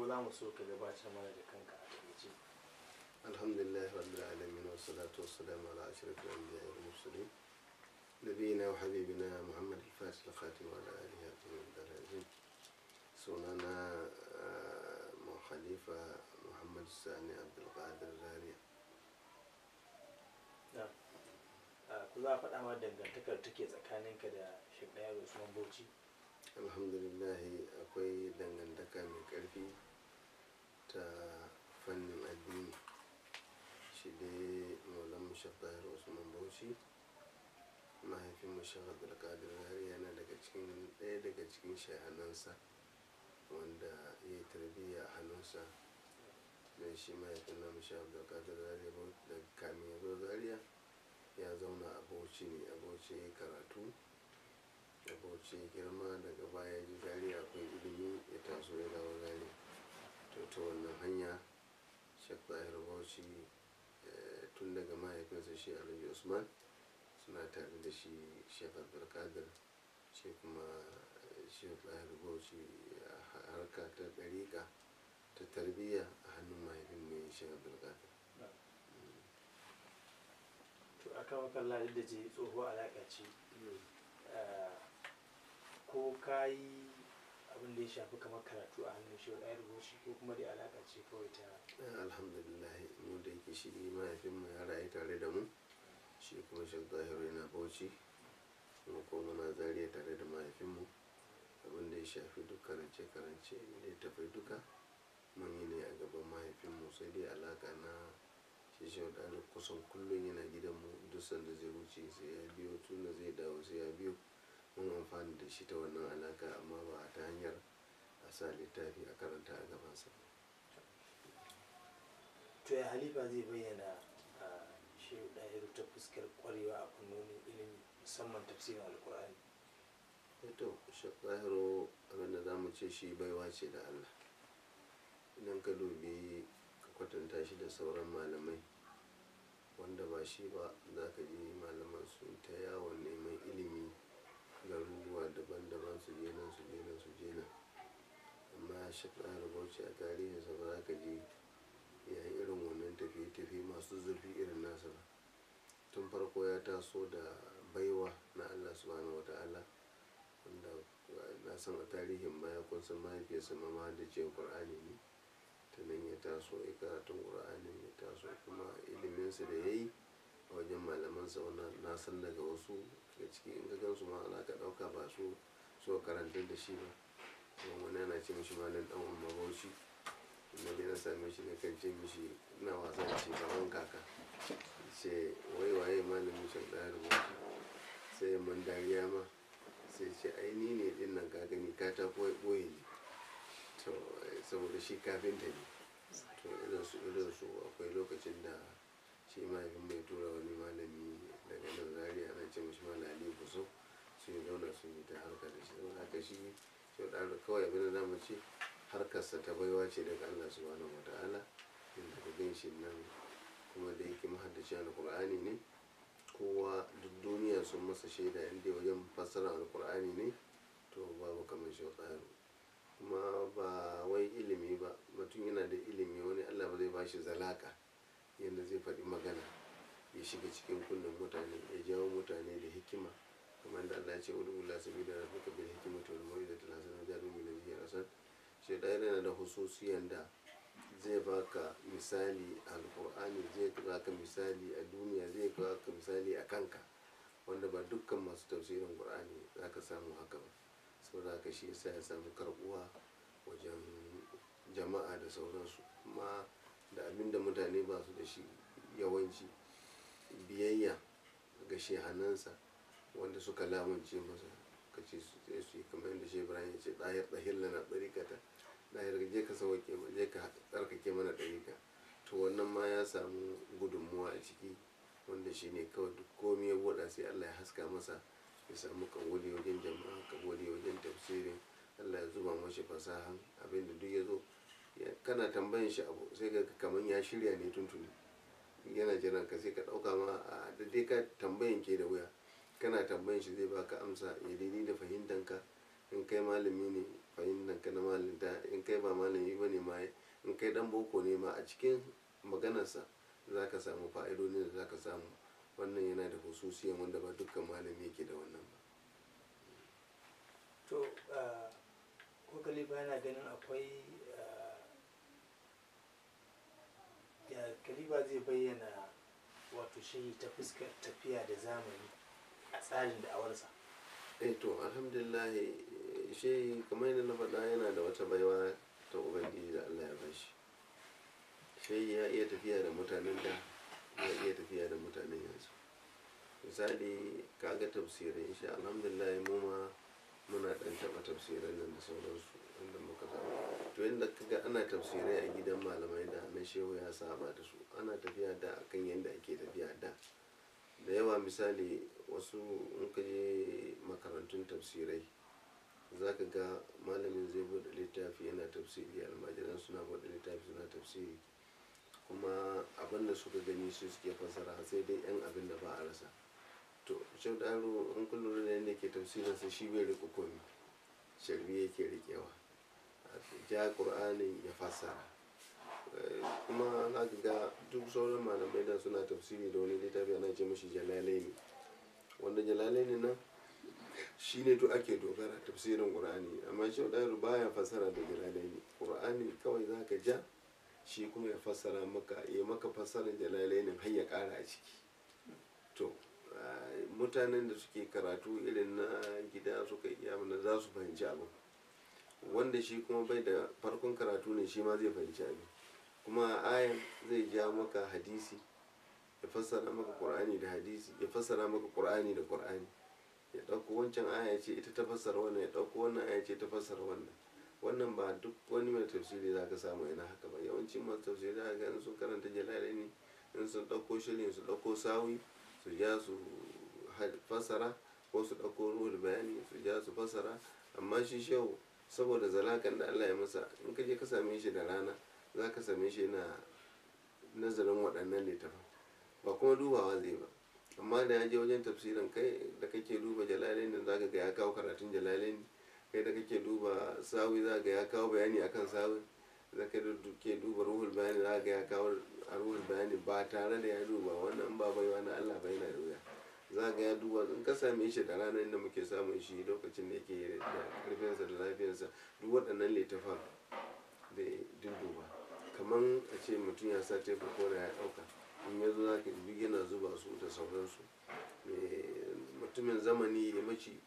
farko za mu so ka gabatar mana da kanka a takaice alhamdulillah rabbil alamin wa salatu ala ashrafil anbiya wal mursalin nabiyina wa habibina muhammad al khatim wa ala alihi wa sahbihi sunana mu eh, khalifa muhammad sani abdul qadir ku za a faɗa ma dangantakar take tsakaninka da shekayar usman bauchi alhamdulillah akwai dangantaka mai ƙarfi ta fannin addini shi dai maulan mushabbahar usman bauchi mahaifin mashahar da rari yana daga cikin ɗaya daga cikin shahanansa wanda ya yi tarbiyya a hannunsa don shi mahaifin na mashahar abdulkadir rari daga kamin ya zo zariya ya zauna a bauchi ne a bauchi ya karatu a bauchi ya girma daga baya ya ji zariya akwai ilimi ya taso ya dawo zariya to ta wannan hanya shek zahir bauchi eh, tun daga mahaifinsa shi alhaji usman suna tare da shi shek abdulkadir shi kuma eh, shek zahir bauchi harka ta dariƙa ta tarbiyya a hannun mahaifin mai shek abdulkadir to a kan kalla da je tsoho alaƙa ce hmm. eh, ko ka yi abin da ya shafi kamar karatu a hannun shi ɗaya rubuci ko kuma da alaƙa ce kawai ta eh, alhamdulillah mu da yake shi ne mahaifinmu ya rayu tare da mu shi kuma shi zahiru yana bauchi kuma ko muna zariya tare da mahaifinmu abin da ya shafi duk karance karance da ya tafi duka mun yi ne a gaban mahaifinmu sai dai alaƙa na shi shi kusan kullum yana gidanmu duk sanda zai wuce sai ya biyo Tuna zai dawo sai ya biyo mun amfani da shi ta wannan alaƙa sa littafi a karanta a gabansa to ya halifa zai bayyana a shi ɗaya ta fuskar kwarewa a fannonin ilimi musamman tafsirin alkur'ani e to shafahiru abinda za mu ce shi baiwa ce da allah idan ka dubi ka kwatanta shi da sauran malamai wanda ba shi ba za ka ji malaman su ta yawon neman ilimi garuruwa daban-daban su je su je su je a shakara bauchi a tarihinsa ba za ka je ya yi irin wannan tafiye-tafiye masu zurfi irin nasa ba tun farko ya taso da baiwa na allah subhanahu wa ta'ala wanda na san a tarihin baya kun san mahaifiyarsa ma da ce qur'ani ne ta nan ya taso ya karatun qur'ani ya taso kuma iliminsa da ya yi a wajen malamansa wannan na san daga wasu daga ciki in ka gansu ma ana ka ɗauka ba su so karantar da shi ba wani yana ce mishi malam dan umma bauchi na dai na same shi na kan ce mishi na wasa da shi gaban kaka ce wai waye malamin shan tsayar bauchi sai man dariya ma sai ce ai ni ne din nan ka gani ka ta boye boye ne to saboda shi kafinta ne to irin su irin su akwai lokacin da shi mahaifin mai tura wani malami daga nan zariya ana ce mishi malam aliyu kuso sun yi zauna sun yi ta harka da shi don haka shi to kawai abin da mu ce harkarsa ta baiwa ce daga Allah subhanahu wa ta'ala inda ka shi nan kuma da yake mahaddaci alkur'ani ne kowa duk duniya sun masa shaida inda wajen fassara alkur'ani ne to babu kamar shi tsari kuma ba wai ilimi ba mutum yana da ilimi wani Allah ba zai bashi zalaka yadda zai faɗi magana ya shiga cikin kunnen mutane ya jawo mutane da hikima kamar da Allah ya ce wani wula sabi da rabbika bil hikmati wal mawidati hasana jadu min al hiyasan shi da yana da hususiyan da zai baka misali alqur'ani zai baka misali a duniya zai baka misali a kanka wanda ba dukkan masu tafsirin qur'ani zaka samu haka ba da haka shi yasa ya samu karbuwa wajen jama'a da sauransu amma da abin da mutane ba su da shi yawanci biyayya ga shehanansa wanda suka lamunce masa ka ce su tsaye su yi kamar yadda shi ibrahim ya ce ɗayar ɗahir ɗarika ta ɗayar je ka sauke je ka tsarkake mana ɗarika to wannan ma ya samu gudunmuwa a ciki wanda shi ne kawai duk komai ya buɗa sai allah ya haska masa ya samu kaboli wajen jama'a ka kaboli wajen tafsirin allah ya zuba mashi fasahan abinda duk ya zo kana tambayan shi abu sai ga kamar ya shirya ne tuntuni yana jiran ka sai ka ɗauka ma a daidai ka tambayan ke da wuya kana tambayin shi zai baka amsa ya eh, daidai da fahimtanka in kai malami ne fahimtanka na malinta in kai ba malami ba ne ma in kai dan boko ne ma a cikin maganarsa za ka samu fa'idodin da za ka samu wannan yana da hususiyan wanda ba dukkan malami yake da wannan ba to ah, kokali ba yana ganin akwai ah, ya kaliba zai bayyana wato shi ta fuskar tafiya da zamani a tsarin da'awarsa eh to alhamdulillah shi kamar yadda na faɗa yana da wata baiwa ta ubangiji da allah ya bashi shi ya iya tafiya da mutanen da ya iya tafiya da mutanen yanzu misali kaga tafsirin shi alhamdulillah mu ma muna ɗan taɓa tafsirin nan da sauransu inda muka samu to yadda kaga ana tafsirai a gidan malamai da na shehu ya saba da su ana tafiya da akan yadda ake tafiya da da yawa misali wasu in ka je makarantun tafsirai za ka ga malamin zai buɗe littafi yana tafsiri almajiran suna buɗe littafi suna tafsiri kuma abin da suka gani su suke fasara sai dai yan abin da ba a rasa to shau da aro in kun lura da yadda ke tafsirin sa shi bai riƙe komi sharbi yake riƙewa ja ƙur'anin ya fassara kuma za ka ga duk sauran malamai da suna tafsiri da wani littafi ana ce mashi jalalaini wanda jalalaini nan shi ne duk ake dogara tafsirin ƙur'ani amma shi ba baya fassara da jalalaini qur'ani kawai za ka ja shi kuma ya fassara maka ya maka fassara jalalaini har ya kara a ciki to mutanen da suke karatu irin na gida suka iya mana za su fahimci abin wanda shi kuma bai da farkon karatu ne shi ma zai fahimci abin kuma ayan zai ja maka hadisi ya fassara maka qur'ani da hadisi ya fassara maka qur'ani da qur'ani ya ɗauko wancan aya ce ita ta fassara wannan ya ɗauko wannan aya ce ta fassara wannan wannan ba duk wani mai tafsiri za ka samu yana haka ba yawancin masu tafsiri za ga sun karanta jalalai ne in sun ɗauko shirin su ɗauko sawi su ja su fassara ko su ɗauko ruhul bayani su ja su fassara amma shi shehu saboda zalakan da Allah ya masa in ka je ka same shi da rana za ka same shi na nazarin waɗannan littafin ba kuma dubawa zai ba amma da ya je wajen tafsirin kai da kake duba ne za ka ga ya kawo karatun ne kai da kake duba sawi za ga ya kawo bayani akan sawi da ka ke duba ruhul bayani za ga ya kawo ruhul bayani ba tare da ya duba wannan ba baiwa na Allah bai na ruya za ka ya duba in ka same shi da ranar da muke samun shi lokacin da yake da karfinsa da lafiyarsa duk waɗannan littafan da duba. kamar a ce mutum ya sa tefa kora ya ɗauka in ya zo za ka dubi yana zuba su da sauransu mutumin zamani ya maci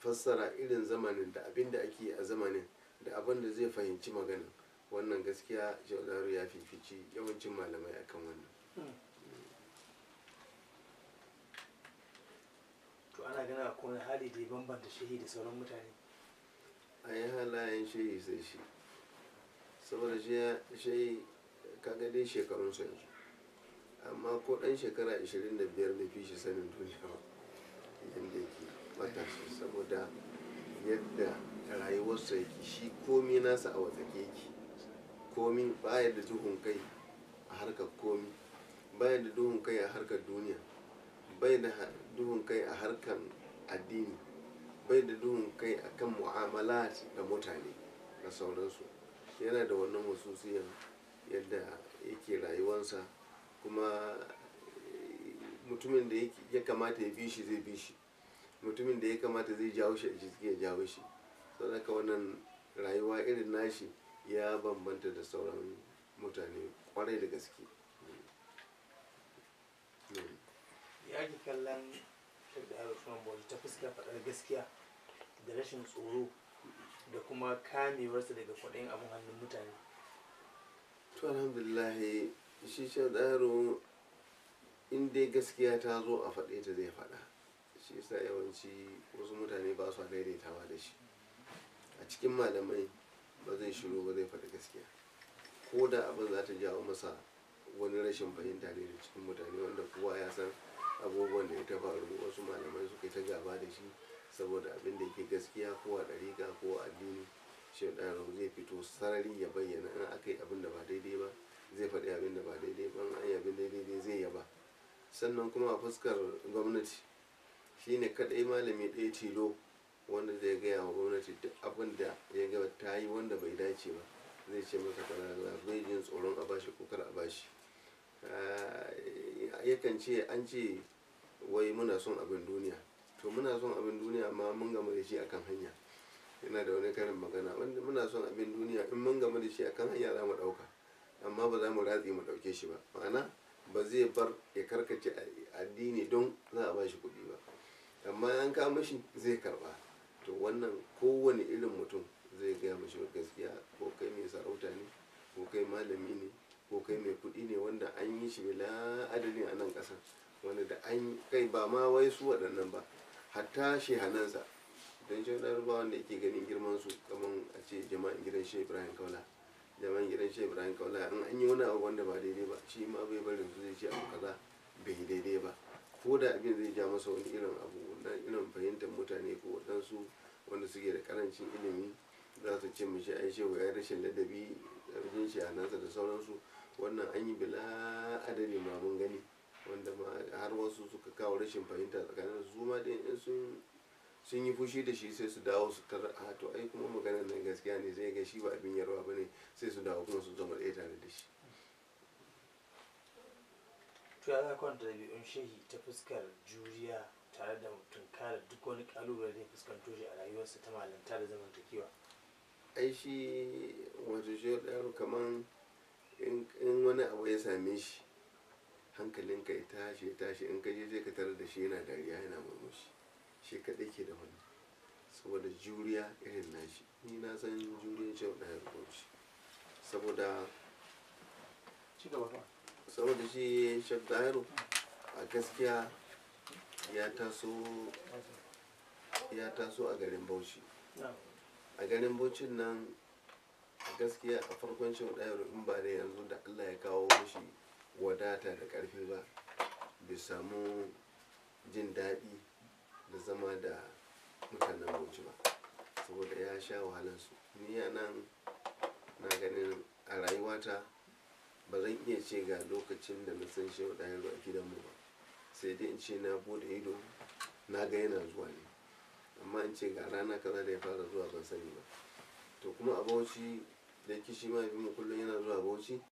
fassara irin zamanin da abin da ake a zamanin da abin da zai fahimci magana wannan gaskiya jaudaru ya fifici yawancin malamai akan wannan to ana gana ko hali da ya bambanta shehi da sauran mutane a yi halayen shehi sai shi saboda shi ya kaga dai shekarun sa yanzu amma ko dan shekara 25 da fi shi sanin duniya ba yadda yake matashi saboda yadda rayuwarsa yake shi komi nasa a watsake yake komi baya da duhun kai a harkar komi baya da duhun kai a harkar duniya bai da duhun kai a harkar addini bai da duhun kai a kan mu'amala da mutane da sauransu yana da wannan wasusiyan yadda yake rayuwansa kuma eh, mutumin da ya kamata ya bi shi zai bi shi mutumin da ya kamata zai jawo shi a jiski ya jawo shi sau haka wannan rayuwa irin nashi ya bambanta da sauran mutane kwarai da gaske ya ke kallon da ta fuska faɗar gaskiya da rashin tsoro da kuma kamewarsa daga kwaɗayin abin hannun mutane to alhamdulillahi shi can tsaro in dai gaskiya ta zo a faɗe ta zai faɗa shi yasa yawanci wasu mutane ba su daidaitawa da shi a cikin malamai ba zai shiru ba zai faɗi gaskiya ko da abin za ta jawo masa wani rashin fahimta ne da cikin mutane wanda kowa ya san abubuwan da ya ta faru wasu malamai suka yi ta gaba da shi saboda abin da yake gaskiya ko a ɗariƙa ko a addini shaidan zai fito sarari ya bayyana in aka yi abin da ba daidai ba zai faɗi abin da ba daidai ba an yi abin daidai zai yaba sannan kuma a fuskar gwamnati shine kaɗai malami ɗaya tilo wanda zai gaya wa gwamnati duk abin da ya ga ta yi wanda bai dace ba zai ce masa kaza bai jin tsoron a bashi ko kar a bashi ah, yakan ce an ce wai muna son abin duniya to muna son abin duniya ma mun gama da shi akan hanya yana da wani karin magana wanda muna son abin duniya in mun gama da shi akan hanya za mu ɗauka amma ba za mu ratse mu ɗauke shi ba ma'ana ba zai bar ya karkace addini don za a ba shi kuɗi ba amma an ka mashi zai karba to wannan kowane irin mutum zai gaya mashi gaskiya ko kai mai sarauta ne ko kai malami ne ko kai mai kuɗi ne wanda an yi shi bila adalin a nan ƙasa wanda da an kai ba ma wai su waɗannan ba hatta shehanansa don shi wani rubawa wanda yake ganin girman su kamar a ce jama'in gidan shi ibrahim kaula jama'in gidan shi ibrahim kaula in an yi wani abu wanda ba daidai ba shi ma bai barin su zai ce abu kaza bai daidai ba ko da abin zai ja masa wani irin abu na irin fahimtar mutane ko waɗansu wanda suke da karancin ilimi za su ce mishi ai shehu ya rashin ladabi abin shi a nasa da sauransu wannan an yi bila adadin ma gani wanda ma har wasu suka kawo rashin fahimta tsakanin su ma din in sun sun yi fushi da shi sai su dawo su tar a ah, to ai kuma maganar nan gaskiya ne zai ga shi ba abin yarwa bane sai su dawo kuma su zama ɗaya tare da shi to ya zaka da ɗabi'un shehi ta fuskar juriya tare da kare duk wani kalubale da fuskanto shi a rayuwarsa ta malanta da zamantakewa ai shi wato shi yaro kamar in wani abu ya same shi hankalinka ya tashi ya tashi in ka je sai ka tarar da shi yana dariya yana murmushi shi kaɗai ke da wani saboda juriya irin nashi ni na san juriyan shi da ya rubuci saboda saboda shi shabdairu a gaskiya ya taso ya taso a garin bauchi a garin bauchi nan a gaskiya a farkon shi in ba da yanzu da allah ya kawo mashi wadata da ƙarfi ba bai samu jin daɗi da zama da mutanen bauchi ba saboda ya sha su ni a nan na ganin a rayuwata ba zan iya ce ga lokacin da na san shehu ɗaya a gidanmu ba sai dai in ce na bude ido na ga yana zuwa ne amma in ce ga rana kaza da ya fara zuwa ban sani ba to kuma a bauchi da ma shi ma kullum yana zuwa bauchi